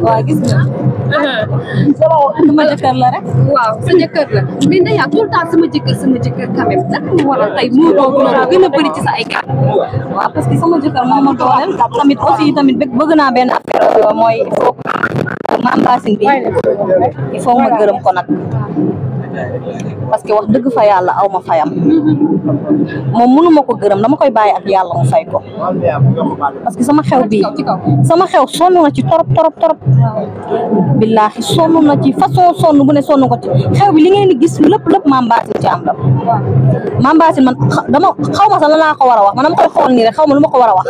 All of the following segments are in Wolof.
waaw gis nga. sama jëkkër la rek. waaw jëkkër la mais Ndeya tout jëkkër sama jëkkër quand même naka nga waral tey moo gën a bëri ci sa ay kàddu. waaw parce que sama jëkkër moo ma dooleel tamit aussi tamit bëgg naa benn affaire euh, mooy il faut que maam bi il faut ma gërëm ko nag. parce que wax dëgg fa yàlla aw ma fayam moom ma ko gërëm dama koy bàyyi ak yàlla mu fay ko parce que sama xew bii sama xew sonn na ci torop torop torop billaahi sonn na ci façon sonn bu ne sonn ko ci xew bi li ngeen gis lépp lépp maam Mbaasin ci man dama xaw ma sax la laa ko war a wax man dama koy xool nii rek xaw ma lu ma ko war a wax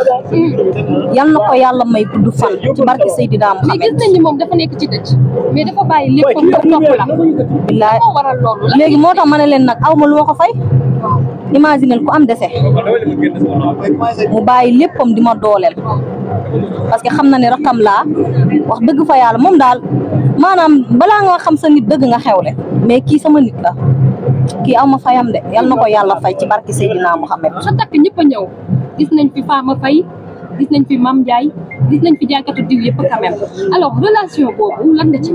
yal na ko yàlla may gudd fan ci barke Seydina Muhammad mais gis nañ ni moom dafa nekk ci dëj mais dafa bàyyi lépp pour waral loolu. léegi moo tax ma ne leen nag aw ma lu ma ko fay. imaginer ku am dese. mu bàyyi léppam di ma dooleel. parce que xam na ne rakam laa wax dëgg fa yàlla moom daal maanaam balaa nga xam sa nit dëgg nga xewle mais kii sama nit la kii aw ma fayam de yal na ko yàlla fay ci barki Seydina Mohamed. sa takk a ñëw gis nañ fi Fama Faye gis nañ fi Mame Ndiaye gis nañ fi jaaykatu diw yëpp quand alors relation boobu lan nga ci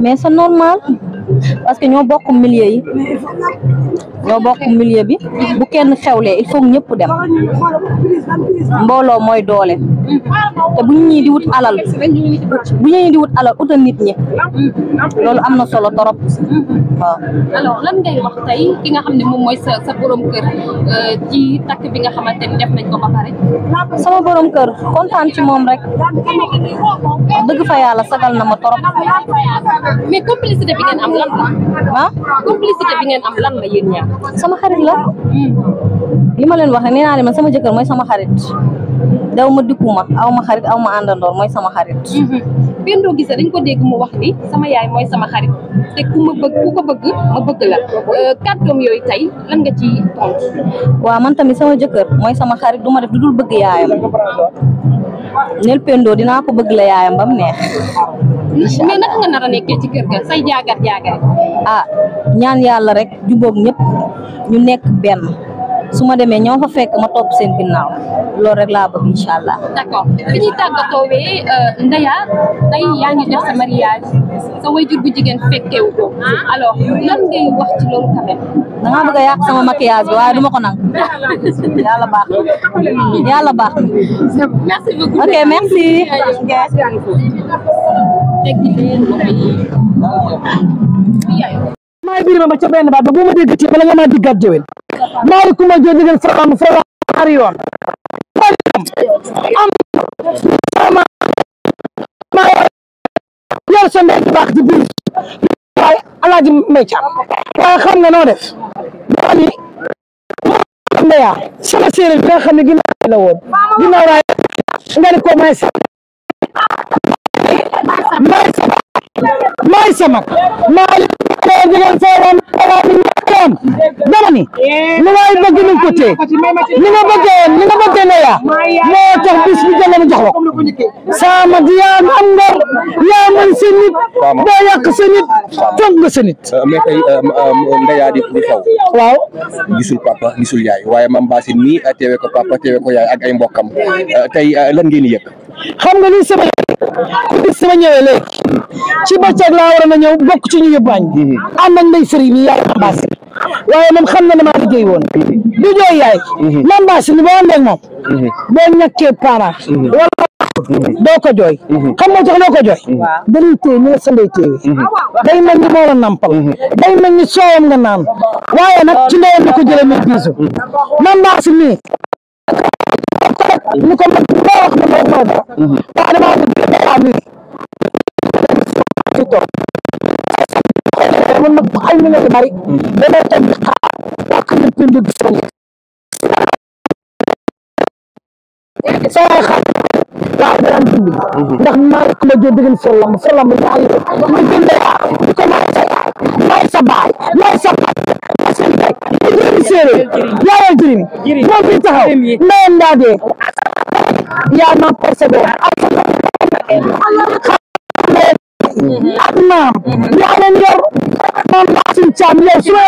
mais c'est normal. parce que ñoo bokk milieu yi ñoo bokk milieu bi bu kenn xewlee il faut ñëpp dem mbooloo mooy doole te bu ñu ñii di wut alal bu ñu ñii di utal nit ñi loolu am na solo torop waaw. alors lan ngay wax tey ki nga xam ne moom mooy sa sa borom kër euh, ci takk moom rek dëgg fa yàlla sagal na ma torop mais complicité bi ngeen am la. bi eh, ngeen am lan la yéen ñaar. sama xarit la. li ma leen wax ne naa leen sama jëkkër mooy sama xarit. daw ma dikkuma aw ma xarit aw ma àndandoor mooy sama xarit. Pendo Guissé dañ ko dégg mu wax ni sama yaay mooy sama xarit te ku ma bëgg ku ma bëgg la kàddoom yooyu tey lan nga ci tontu. waaw man tamit sama jëkkër mooy sama xarit du ma def du dul bëgg yaayam. nel Pendo dinaa ko bëgg la yaayam ba mu neex. incha mais nga nar a ci kër ga say jaagar jaagar. ah ñaan yàlla rek jubóog ñëpp ñu nekk benn. su ma demee ñoo fa fekk ma topp seen ginnaaw loolu rek laa bëgg incha allah. d'accord fi ñuy tàggatoo wee euh, Ndeya tey yaa ngi def sa mariage sa wayjur bu jigéen fekkewu ko alors lan ngay wax ci loolu quand même. bëgg a yàq sama maquillage waaye du ma ko nang yàlla baax yàlla baax. merci beaucoup ma dégg ci bala nga maa diggaat jëwel maari kuma jo digal faraxam faraxam ñaari yoon am sama ma yor sa baax ci biir waaye alaaji may caam waaye xam nga noo def dooni xam nga ne ko sama Malick Mbaye di leen seetaan am dama ni eh, bëgg ni ko téye nga bëggee ni nga bëggee ne yaa moo tax bis bi jëlee mu jox la sama di yaa am ngor yaa mën sa nit doo yàq sa nit toog nga sa euh, euh, euh, di di xew waaw gisul papa gisul yaay waaye mam Basine nii teewe ko papa teewe ko yaay ak mbokkam tey lan ngeen yëg xam nga ni sama bis ma ñëwee léegi ci bëccëg la waroon a ñëw bokk ci ñu yóbbaañ ànd mhm. ak ndey sëriñ yi yaay mambaasi waaye moom xam na ne maa liggéey woon mhm. du jooy yaay mhm. mambaasi ni boo àndeeg moom boo ñàkkee parent wala doo ko jooy xam nga tax doo ko jooy dañuy téye ñu ne sa ndey téye day mel ni moo la nampal day mel ni soowam nga naan waaye nag ci ndeyam la ko jëlee muy biisu mambaasi nii ko ko ko ko ko ko ko ko ko ko ko ko ko ko famille ci toog man nag bu almi na di bari damay toog di xaar waa xam ne pind du soo nekk sama xaar waaw daan pind hmm. ndax maa rek ma jënd ngeen for lamb for lamb ñaari ma jënd yaa di ko maay sa yaay maay sa baay maay sa baay maay sa baay jëriñ séeréer yaayal jëriñ moo fi taxaw ndeyam daa dee yaa ma persévère ak naam yaa leen yor man Lassine Thiam yow su ma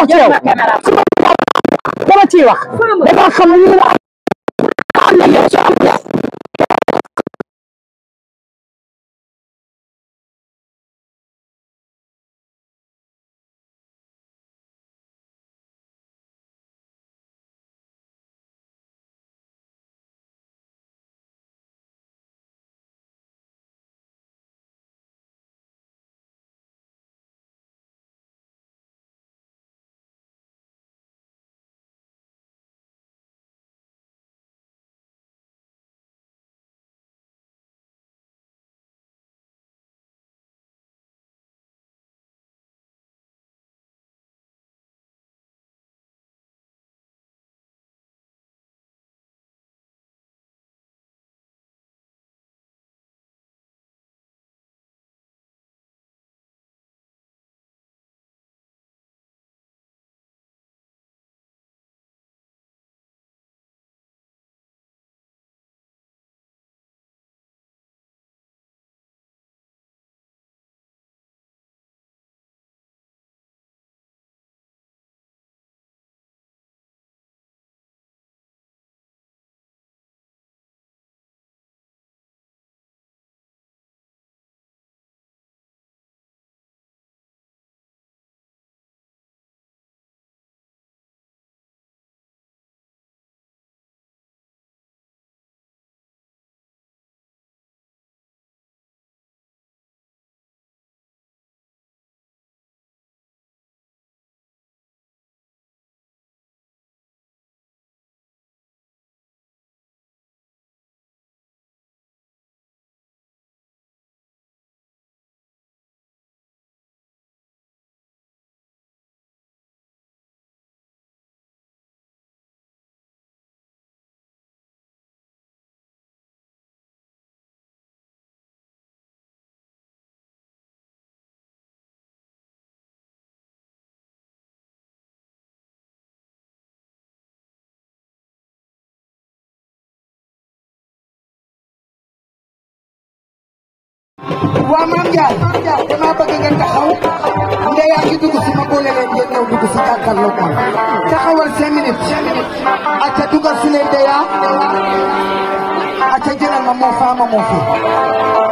wax ci yow su ma dama wax xam lu ñu la am waa maam Ndiaye damaa bëgg ngeen taxaw nde yaa ngi dugg si ma boole leen ngeen ñëw dugg si jàkkaarloo ko taxawal cinq minutes aca dugal si leen de yaa aca jëlal ma moo faama moo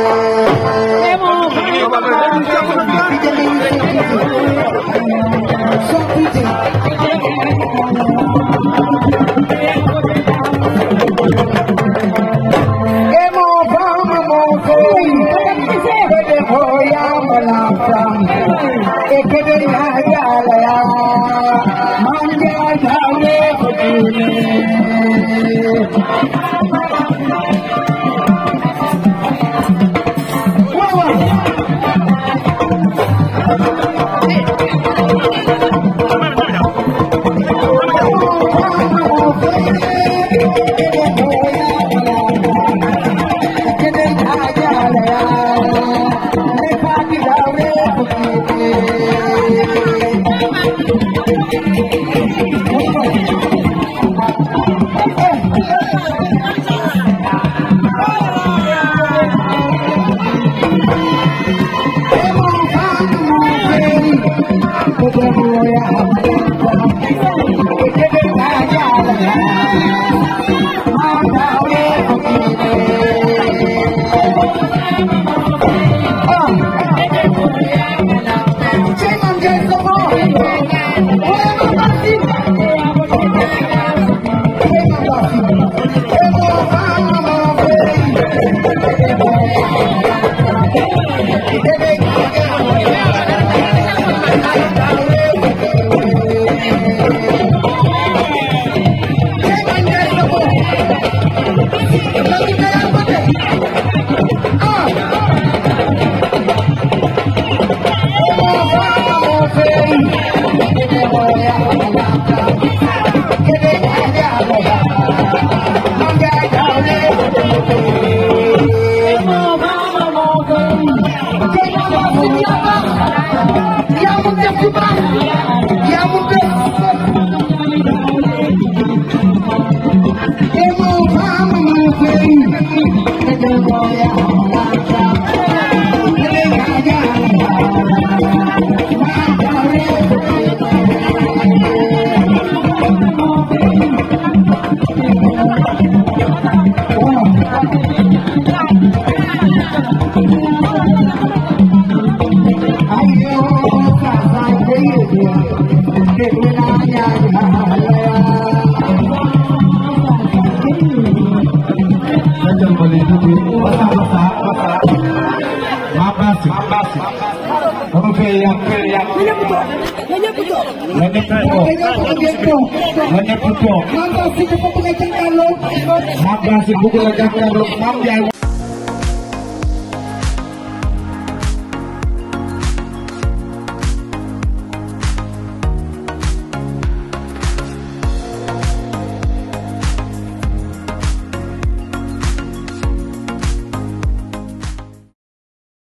ko. Hanya pukul. Mabasi ko po pagkakangkalo. Mabasi ko po pagkakangkalo. Mabasi